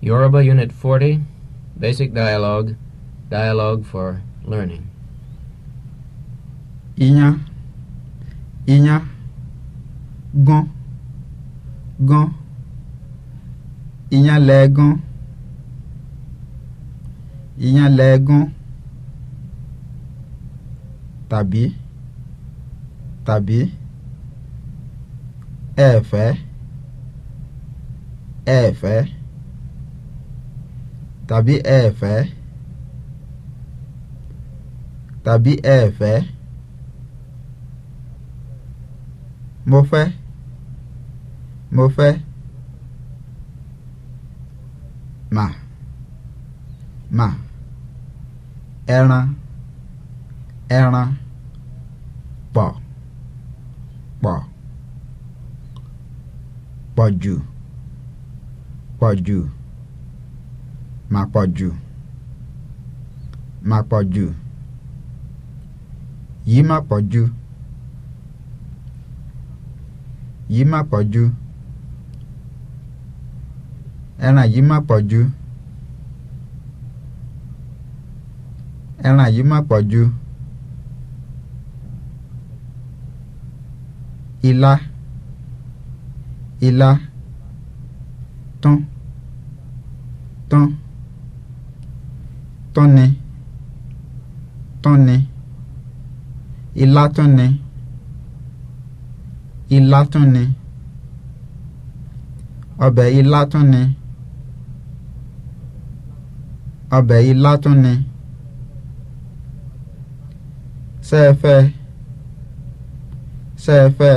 Yoruba Unit 40, Basic Dialogue, Dialogue for Learning. Ìyàn, ìyàn, gon, gon, ìyàn legon, ìyàn legon, tabi, tabi, efe, efe tàbí ẹ fẹ́ tàbí ẹ fẹ́ mo fẹ́ mo fẹ́ mà mà ẹran ẹran pọ̀ pọ̀ pọ̀jù pọ̀jù mà pọ̀jù mà pọ̀jù yìí mà pọ̀jù yìí mà pọ̀jù ẹran yìí mà pọ̀jù ẹran yìí mà pọ̀jù ilá ilá tán tán tọ́ni tọ́ni ilá tọ́ni ilá tọ́ni ọbẹ̀ ilá tọ́ni ọbẹ̀ ilá tọ́ni sẹ́ẹ̀fẹ́ sẹ́ẹ̀fẹ́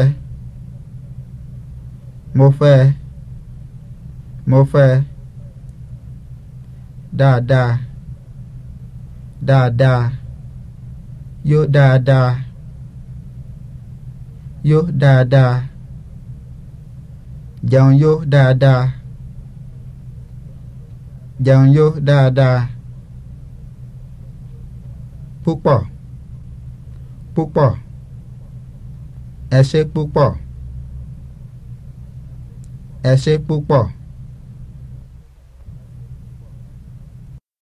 mo fẹ́ mo fẹ́ dáadáa dáadáa yó dáadáa yó dáadáa jẹun yó dáadáa jẹun yó dáadáa púpọ̀ púpọ̀ ẹ ṣé púpọ̀ ẹ ṣé púpọ̀.